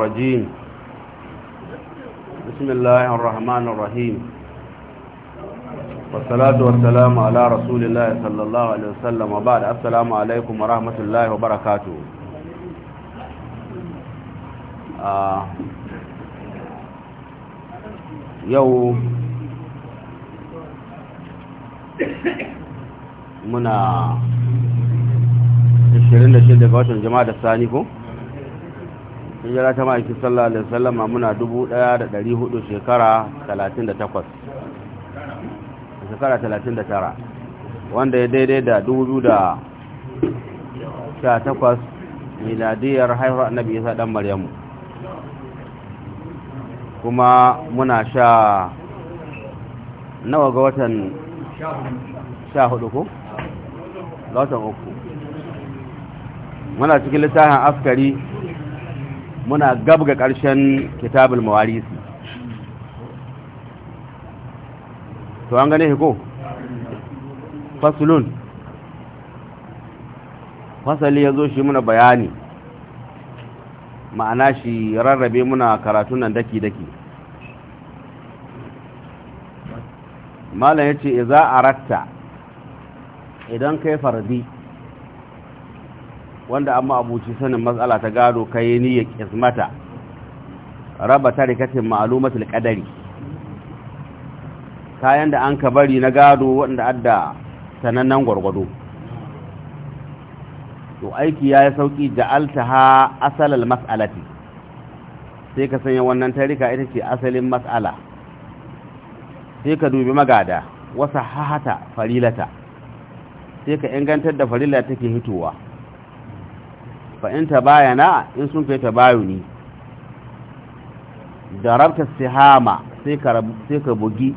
الرجيم بسم الله الرحمن الرحيم والصلاة والسلام على رسول الله صلى الله عليه وسلم وبعد السلام عليكم ورحمة الله وبركاته آه يو منا 26 ga watan jama'a da sani ko hijira ta ma'aikin sallallahu alaihi wasallam muna dubu ɗaya da ɗari hudu shekara talatin da takwas shekara talatin da tara wanda ya daidai da dubu biyu da sha takwas miladiyar haihuwar annabi isa ɗan maryamu kuma muna sha nawa ga watan sha hudu ko? watan uku muna cikin littafin askari muna gab ga ƙarshen kitabul mawarisi to an gane ko fasulun fasali ya zo shi muna bayani ma'ana shi rarrabe muna karatun nan daki-daki malam ya ce za a ratta idan kai fardi wanda amma abuci sanin matsala ta gado kai niyyar kismata raba tarikatin ma'lumatul kadari kayan da an ka bari na gado wanda adda sanannen gwargwado to aiki ya yi sauƙi ha asalal mas'alati sai ka sanya wannan tarika ita ce asalin mas'ala sai ka dubi magada wasa hahata farilata sai ka ingantar da farila take hitowa fa'in ta bayana in sun kai ta ni, da rabta sihama sai ka bugi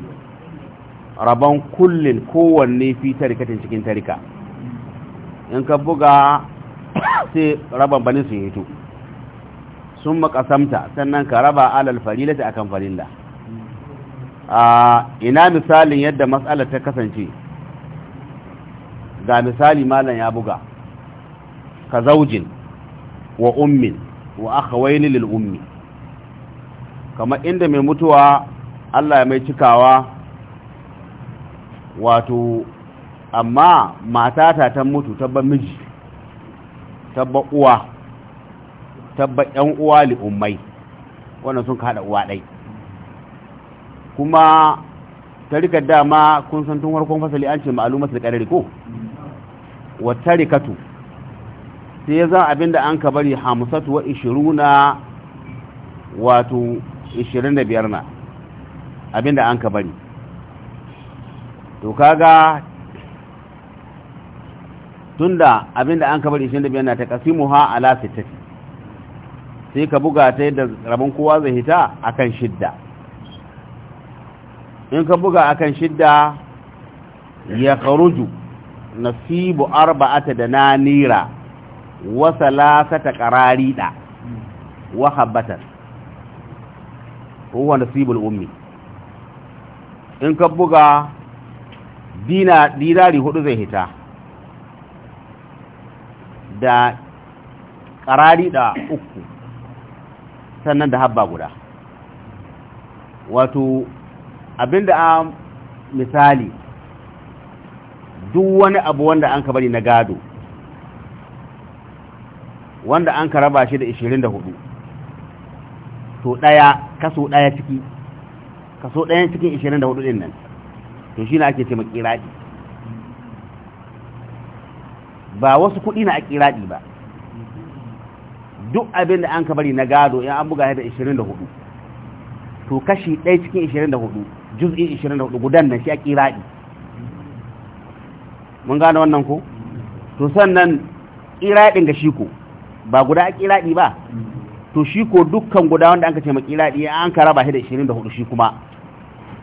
rabon kullin kowanne fi tarikatin cikin tarika in ka buga sai rabon bani yi hito sun makasamta sannan ka raba alal ta akan farilla a ina misalin yadda matsalar ta kasance ga misali malam ya buga ka zaujin wa ummin wa akhawaini lil ummi kamar inda mai mutuwa Allah ya mai cikawa wato amma matata ta mutu tabba miji tabba uwa tabba yan uwa li ummai wannan sun kada uwa dai kuma tarika dama kun san tun farkon fasali an ce ma'lumatul qadari ko wa tarikatu sai ya abin abinda an ka bari hamsatu wa ishiruna wato ishirin da biyar na abinda an ka bari to kaga tunda abinda an ka bari ishirin da biyar na ta kasimu ha ala sittati sai ka buga ta yadda rabon kowa zai hita akan shidda in ka buga akan shidda ya karuju nasibu arba'ata da na nira wa salasata da wa habatan huwa nasibul ummi in ka buga dina dinari hudu zai hita da da uku sannan da habba guda wato abinda a misali duk wani abu wanda an ka bari na gado wanda an ka raba shi da 24 to daya kaso daya ciki kaso dayan cikin 24 din nan to shi ne ake ce makiradi ba wasu kuɗi na a kiradi ba duk abin da an ka bari na gado in an buga da 24 to kashi ɗaya cikin 24 juz'in 24 gudan nan shi a kiradi mun gane wannan ko to sannan kiradin ga shi ko ba guda kiladi ba to shi ko dukkan guda wanda an ka ce ma ya an ka raba shi da 24 shi kuma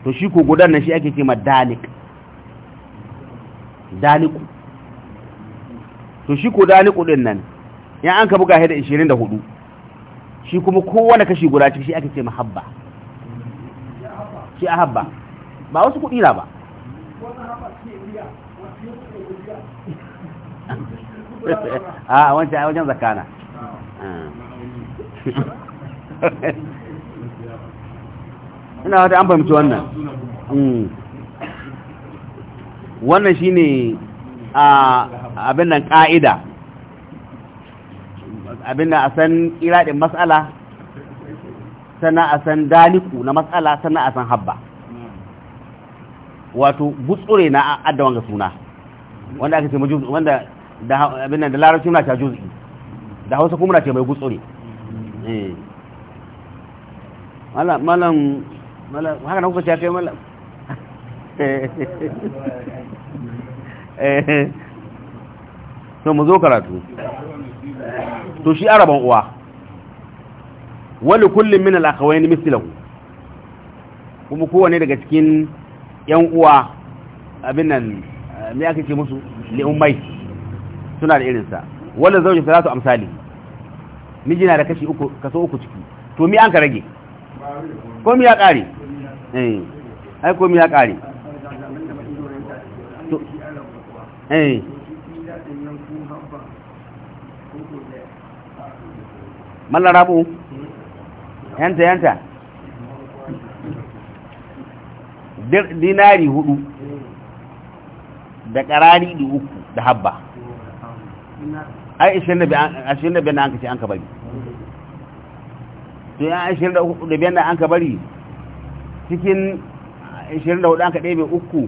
to shi ko gudan nan shi ake ce dalik dalik to shi ko dalik din nan ya an ka buga shi da 24 shi kuma kowane kashi guda ciki shi ake ce habba shi a habba ba wasu kudi na ba a ah, wancan a wajen zakana ah. ina wata an fahimci wannan hmm. wannan shine a abin nan ka'ida abin nan a san iradin matsala sana a san daliku na matsala sana a san habba wato gutsure na adda ga suna wanda aka ce wanda da abin da larabci muna ta juz'i da hausa kuma muna ce mai gutsure eh malam malam haka na kuka cakai, malam eh. to mu zo karatu to shi araban uwa wani kullum min ni akhawayn ku, kuma kowane daga cikin yan uwa abin nan eh, me ake ce musu li suna da irinsa wala zaujin salatu amsali miji na da kashi uku kaso uku ciki to mi an ka rage ko ya kare eh ai ko ya kare eh mallan rabu yanta yanta dinari hudu da karari da uku da habba ai 25 na an an ka bari to ya da na an ka bari cikin 24 an ka ɗebe uku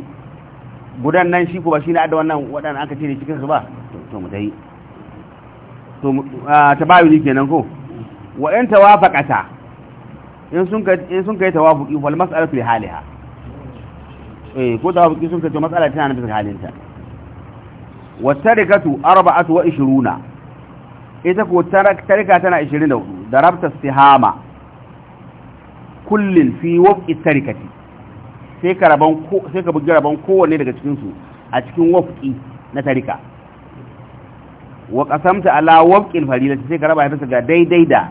gudan nan shi ko ba shi na adda wannan waɗanda an ka ne cikin su ba to mu dai to ne kenan ko wa in tawafaqata in sun kai in sun kai wal mas'alatu li haliha eh ko tawafuqi sun kai to mas'ala tana nan bisa halinta والتركه اربعه وعشرون اذا كنت تركه tarika 24 ضربت السهام كل في waf'i التركه sai ka rabon ko sai ka bugi rabon kowanne daga cikin su a cikin wafqi na tarika wa qasamta ala waf'il farilati sai ka raba ta ga daidai da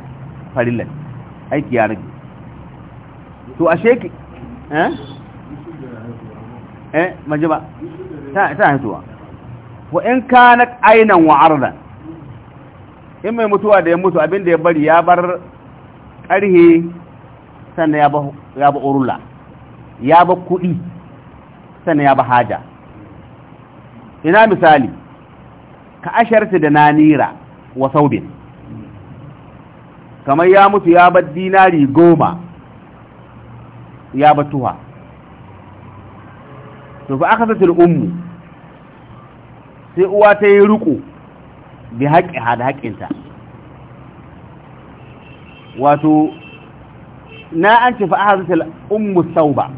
farilati aiki ya rage to ashe ki eh eh majaba ta ta hituwa wa in kanat ainan wa ardan in mai mutuwa da ya mutu abinda ya bari ya bar ƙarhe sannan ya ba urula ya ba kuɗi sannan ya ba haja ina misali ka asharta da nanira wa saubin kamar ya mutu ya bar dinari goma ya ba tuha to fa aka satil ummu sai uwa ta yi riko bi haƙƙiha da haƙƙinta wato na an ce fa'ahazatul ummu sauba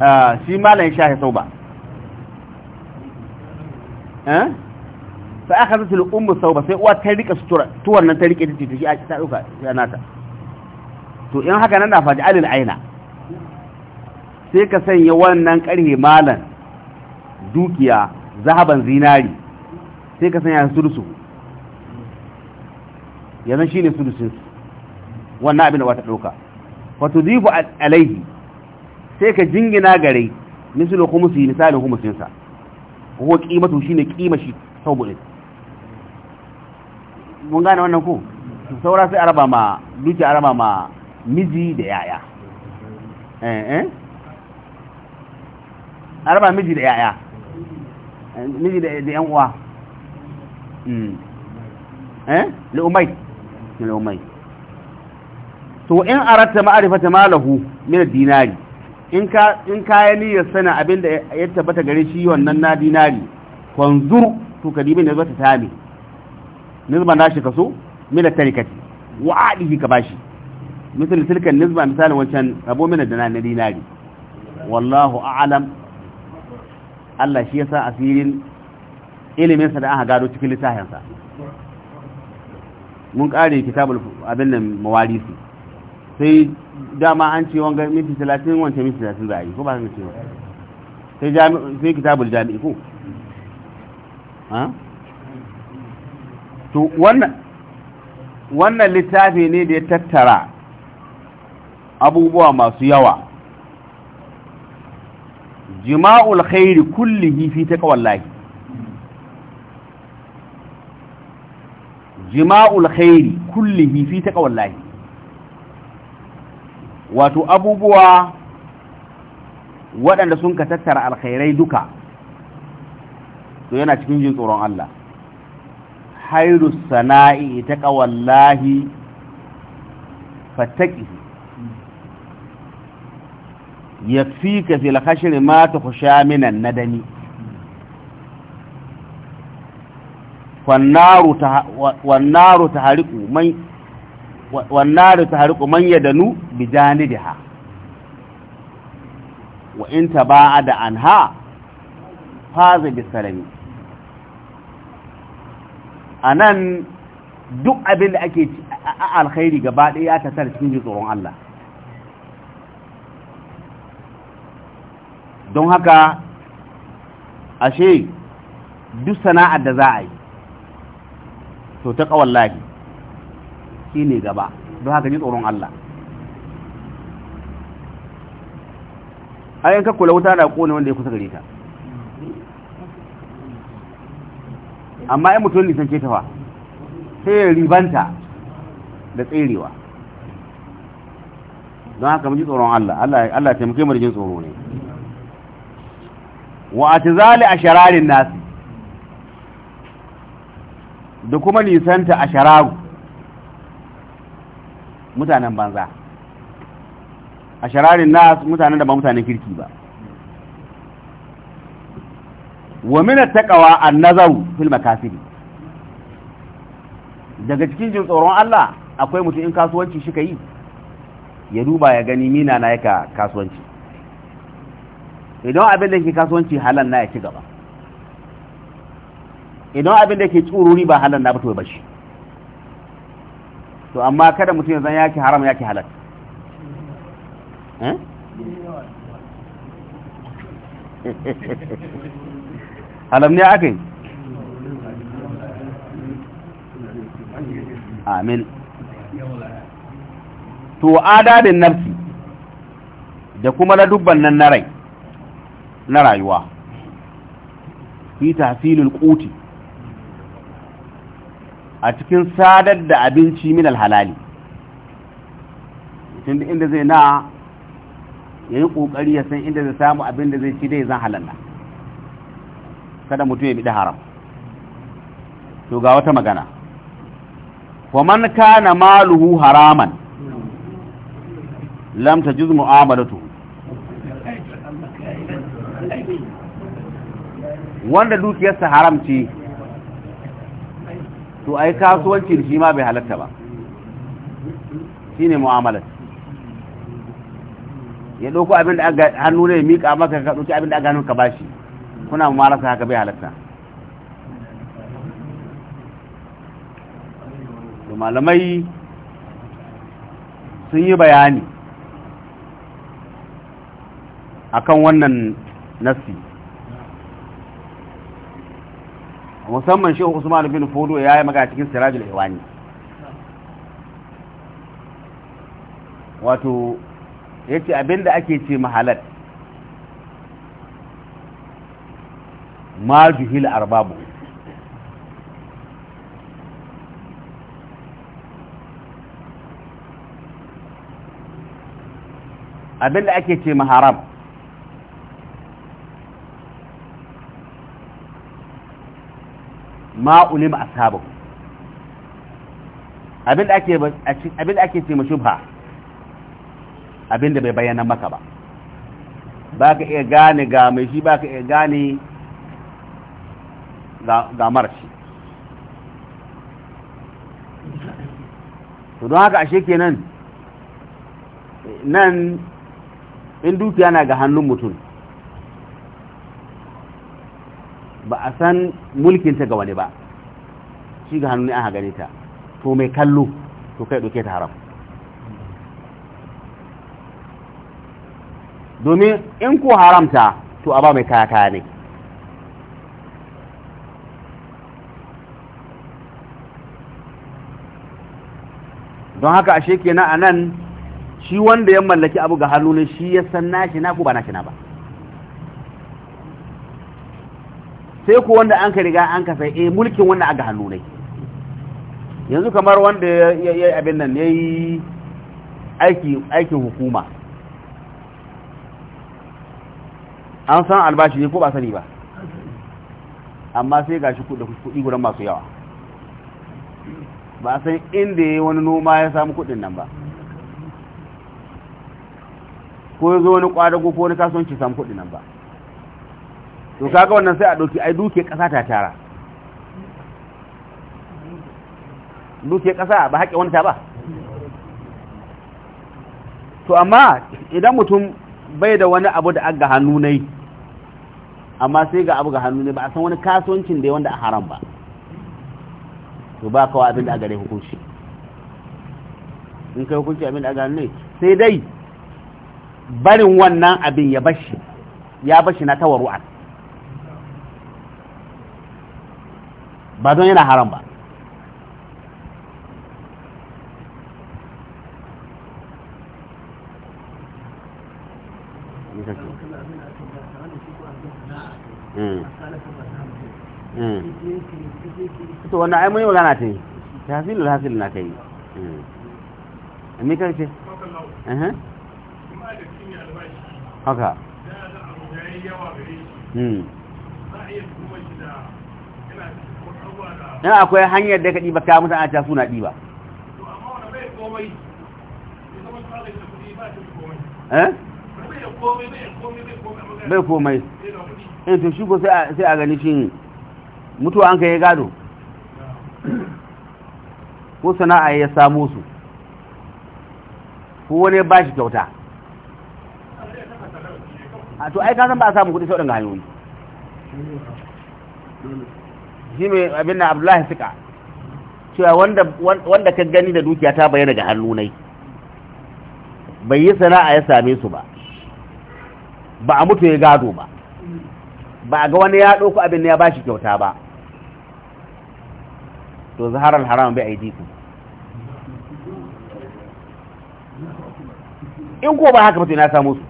ah, shi malan shahi sauba eh fa'ahazatul sau sauba sai uwa ta rika sutura tuwar nan ta rike ta titi shi a ta ɗauka ya nata to in haka nan na faji alil aina sai ka sanya wannan ƙarfe malan dukiya zahaban zinari sai ka sanya sudusu yanzu shine sulusun wannan abin da wata dauka wato tudibu alaihi sai ka jingina gare misalu khumsi misalin khumsin sa ko shi shine kima shi buɗe. mun gane wannan ko saura sai araba ma duki araba ma miji da yaya eh eh araba miji da yaya miji da yan uwa hmm. eh lu'umai lu'umai to in aratta ma'arifata malahu min dinari in ka in kaya niyyar sana abinda ya tabbata gare shi wannan na dinari kwanzur to kadibi ta zata tami na shi kaso min tarikati wa adihi ka bashi misali tilkan nizba misalin wancan rabo min da na dinari wallahu a'lam Allah shi yasa asirin ilimin sa da aka gado cikin littafin sa mun kare kitabul abin nan mawarisi sai dama an ce wanga minti 30 wanda minti 30 za yi ko ba san cewa sai jami sai kitabul jami'i ko ha to wannan wannan littafi ne da ya tattara abubuwa masu yawa jima'ul khairi kullihi fi taqwallahi jima'ul khairi kullihi fi taqwallahi wato abubuwa waɗanda sun ka tattara alkhairai duka to yana cikin jin tsoron Allah hairu sana'i taqwallahi fattaqihi ya fi ka fil hashir ma ta kusha minan nadami wannaru ta hariku man wannaru ta hariku man yadanu bi janidiha wa in taba'ada anha faza bi salami nan duk abin da ake alkhairi gaba ɗaya ya tattara cikin tsoron Allah don haka ashe duk sana'ar da za a yi to ta kawallahi shi ne gaba don haka ji tsoron Allah ayyanka kula wuta da kone wanda ya kusa gare ta amma ya mutum nisan ke tafa sai ya ribanta da tserewa don haka mu ji tsoron Allah Allah ya taimake mu da jin tsoro ne wa atizali ashararin nasi da kuma nisanta ashararu mutanen banza ashararin nasi mutanen da ba mutanen kirki ba wa min at-taqwa nazaru fil makasib daga cikin jin tsoron Allah akwai mutum in kasuwanci shi ka yi ya duba ya gani mina na yaka kasuwanci idan abin da ke kasuwanci halan na ya ci gaba idan abin da ke tsururi ba halan na fito ba shi to amma kada mutum ya zan yaki haram yaki halal eh? halam ne aka yi amin to adadin nafsi da kuma na dubban nan na rai na rayuwa fi tahsilul kuti a cikin sadar da abinci min alhalali tun inda zai na ya yi ƙoƙari ya san inda zai samu abin da zai ci dai zan halalla kada mutum ya bi da haram to ga wata magana wa man kana maluhu haraman lam tajiz mu'amalatu wanda dukiyarsa haramci to ai kasuwanci da shi ma bai halatta ba shi ne mu'amalar ya ɗauko abin da aka hannu ne miƙa maka ka ɗauki abin da aka ka bashi kuna marasa haka bai halatta to malamai sun yi bayani akan wannan nasi musamman shehu usman bin fudu ya yi maga cikin sirajul iwani wato ya ce abinda ake ce mahalat ma arbabu abinda ake ce maharam ma ulim ashabu abin da ake abin da ake ce ma shubha abin da bai bayyana maka ba baka iya gane ga mai shi baka iya gane ga mara shi to don haka ashe kenan nan in dukiya na ga hannun mutum ba a san mulkinta ga wani ba shi ga hannun aka gane ta to mai kallo to kai ɗauke ta haram domin in ko haramta to a ba mai kaya kaya ne don haka ashe kenan a nan shi wanda ya mallaki abu ga hannu ne shi ya san nashi na ko ba nashi na ba sai ku wanda an ka riga an ka sai eh mulkin wanda aka hannu ne yanzu kamar wanda ya yi abin nan yayi aiki aikin hukuma an san albashi ne ko ba sani ba amma sai gashi kuɗi gudan masu yawa ba san inda ya wani noma ya samu kuɗin nan ba ko ya zo wani kwadago ko wani kasuwanci samu kuɗin nan ba to kaga wannan sai a ɗauki ai duke ƙasa ta tara duke ƙasa ba haƙe wanta ba to amma idan mutum bai da wani abu da aga hannu ne amma sai ga abu ga hannu ne ba a san wani kasuwancin da wanda a haram ba to ba kawai abin da a gare hukunci in kai hukunci abin da a hannu ne sai dai barin wannan abin ya bashi ya bashi na tawaruar. ba don yana haram ba hmm. Hmm. Hmm. to wannan ai mun yi magana ta yi tahsilul hasil na kai me kace eh uh-huh. haka hmm in akwai hanyar da ka ɗiba kaya mutane a ta suna ɗiba eh? bai komai in eh, to shi sai a gani shi mutuwa an ka yi gado ko sana'a ya samo su ko wani ba shi kyauta a to ai ka ba a samu kudi sau ɗin hanyoyi shi ne abin da abdullahi suka cewa wanda ka gani da dukiya ta bayyana ga hannunai bai yi sana'a ya same su ba ba a mutu ya gado ba ba a ga wani ya ɗauku abin da ya ba shi kyauta ba to zaharar haram bai aidi ku in ko ba haka mutu na samu su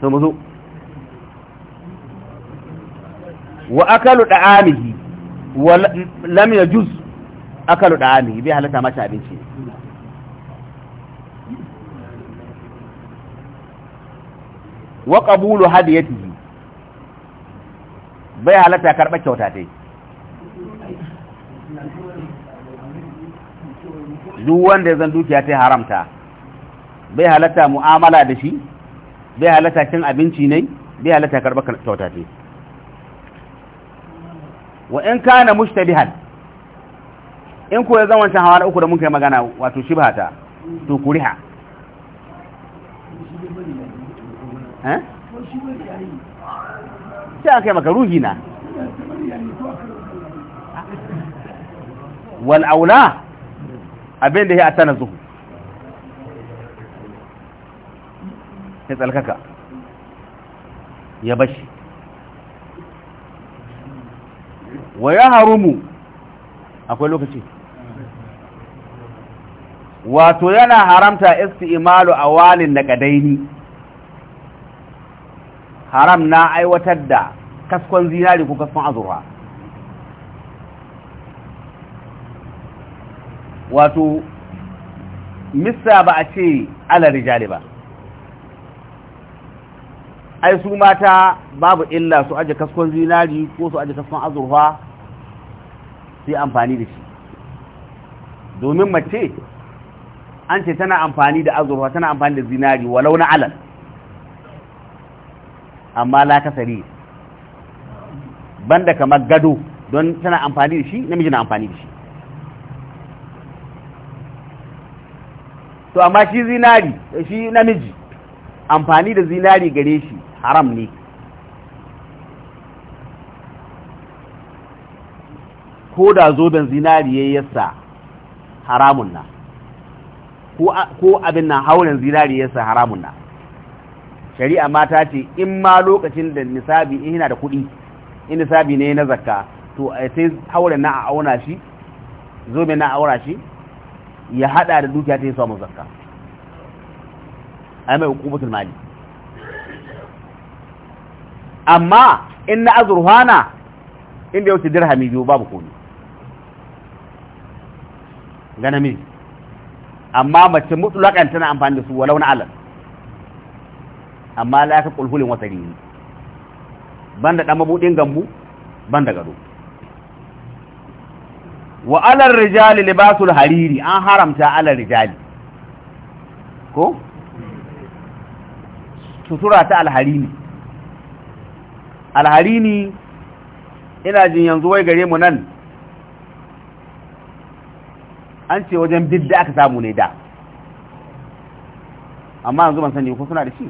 to mu zo wa akalu da'amihi wa lam yajuz akalu da'amihi bai halatta mata abinci wa qabulu hadiyatihi bai halatta karba kyauta dai duk wanda ya zan dukiya ta haramta bai halatta mu'amala da shi bai halatta cin abinci ne bai halatta karɓar kyauta ce wa in kana mushtabihan in ko ya zama wancan hawa uku da mun kai magana wato shibha ta to kuriha eh sai kai maka ruhi na wal abin da ya atana zuhu ya tsalkaka ya bashi wa ya harumu akwai lokaci wato yana haramta isti'malu awalin da kadaini haram na aiwatar da kaskon zinari ko kaskon azurwa wato misa ba a ce ala rijali ba ai su mata babu illa su aje kaskon zinari ko su aje kaskon azurfa sai amfani da shi domin mace an ce tana amfani da azurfa tana amfani da zinari walau na alal amma la kasari banda kamar gado don tana amfani da shi namiji na amfani da shi to amma shi zinari shi namiji amfani da zinari gare shi haram ne ko da zoben zinariyayyarsa haramun na ko abin na hauren zinariyayyarsa haramun na shari'a mata ce in ma lokacin da nisabi in yana da kuɗi in nisabi ne na zakka to eh, sai hauren na a auna shi zobe na aura shi ya hada da dukiya ta yi samun zakka ai mai hukumatul mali amma in na azurhana inda yau dirhami biyu babu komi ga namiji amma mace mutlakan tana amfani da su walau na alal amma la yaka kulhulin wata rini da ɗan mabuɗin gambu da gado wa alal rijali libasul hariri an haramta alal rijali ko sutura ta alhariri ni ina jin yanzu wai gare mu nan an ce wajen bidda aka samu ne da amma yanzu ban sani ko suna da shi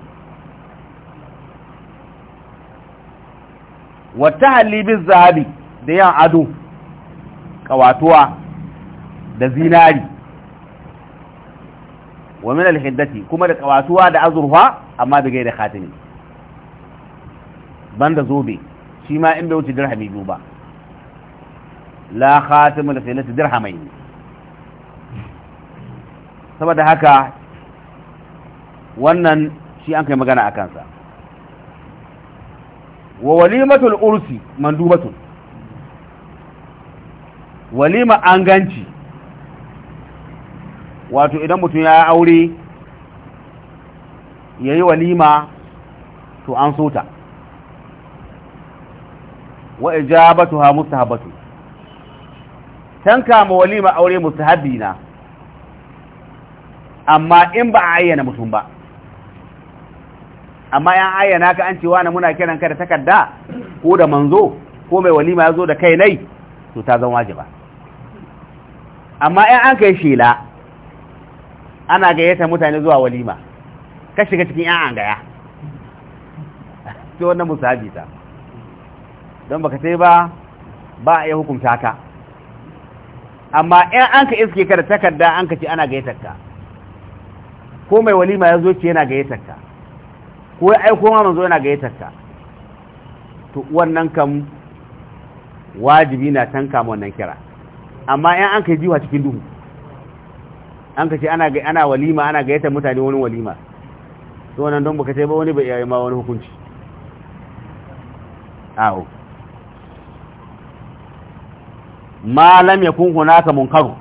wata halibin zahabi da yan ado kawatuwa da zinari wa min alhiddati kuma da kawatuwa da azurfa amma da gaida khatimi banda zobe shi ma in bai wuce dirhami biyu ba la khatimu da sayyidati dirhamai saboda haka wannan shi an kai magana a kansa wa walimatul ursi mandubatun walima an ganci wato idan mutum ya aure ya yi walima to an so ta wa ijabatuha mustahabatu tanka ma walima aure mustahabina na amma in ba a ayyana mutum ba amma yan ayyana ka an ce na muna kiran ka da takarda ko da manzo ko mai walima ya zo da kai nai to ta zan wajiba amma yan an kai shela ana gayyata mutane zuwa walima ka shiga cikin yan an gaya ce wannan musabita ta don baka sai ba ba a iya hukunta ka amma in an ka iske ka da takarda an ka ce ana gayyatar ka ko mai walima ya zo ce yana gayyatar ka ko ya aiko ma manzo yana gayyatar ka to wannan kam wajibi na tanka ma wannan kira amma in an ka yi jiwa cikin duhu an ka ce ana ana walima ana gayyatar mutane wani walima to wannan don baka sai ba wani ba iya ma wani hukunci awo ma lam yakun hunaka munkaru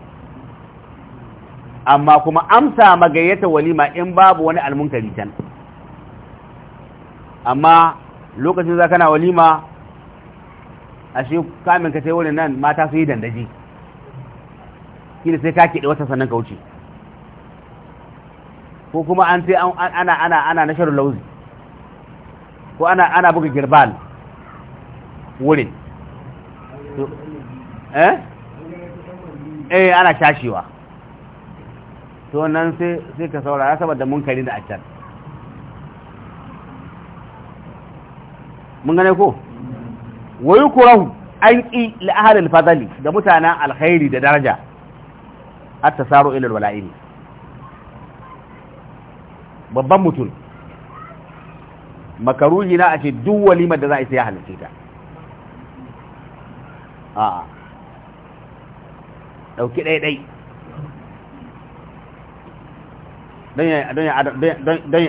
amma kuma amsa magayyata walima in babu wani almunkari can amma lokacin za kana walima ashe kamin ka sai wurin nan mata su yi dandaji kila sai ka kiɗe wata sannan ka wuce ko kuma an sai ana ana ana na sharu lauzi ko ana ana buga girbal wurin eh eh ana cashewa to nan sai sai ka saurara saboda munkari da accan mun gane ko wayu kurahu an ahli al fadali da mutanen alkhairi da daraja at-tasaru ila al wala'ini babban mutum makaruhi na ace duk walimar da za a isa ya halitta ta ɗauki ɗaiɗai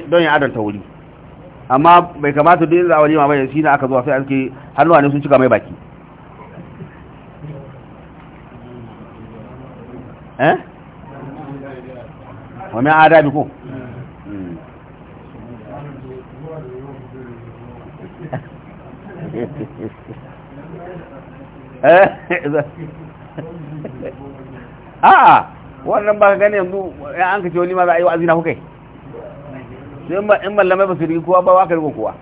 don ya adanta wuri amma bai kamata duk za a mamaye shi na aka zuwa sai an ke hannuwa ne sun cika mai baki eh wa min adabi ko hmm. eh a'a wannan ba ka gani yanzu ya an ce wani ma za a yi wa'azi na kuka yi in mallamai ba su rigi kowa ba wa ka rigo kowa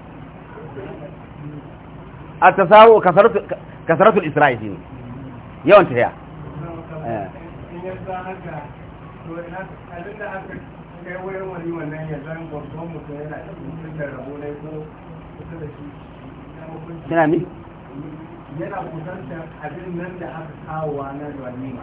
a ta sawo kasaratul isra'i ne yawan tafiya yana kusanta yana kusantar abin nan da aka kawo wa na da walima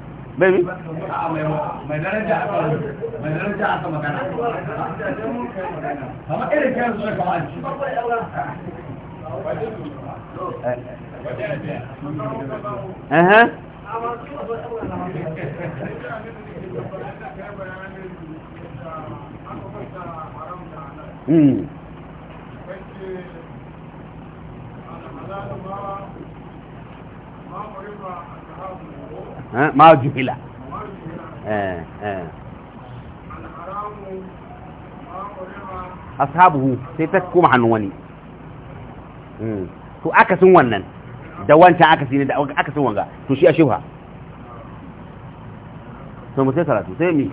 bai mai daraja aka magana kama irin kayan suna kama ci Aha. Hmm. ma juhila eh, eh. ashabuhu sai ta koma hannun wani hmm. to aka akasin wannan da wancan aka ne da akasin wanga to shi a shubha to mu sai karatu sai mi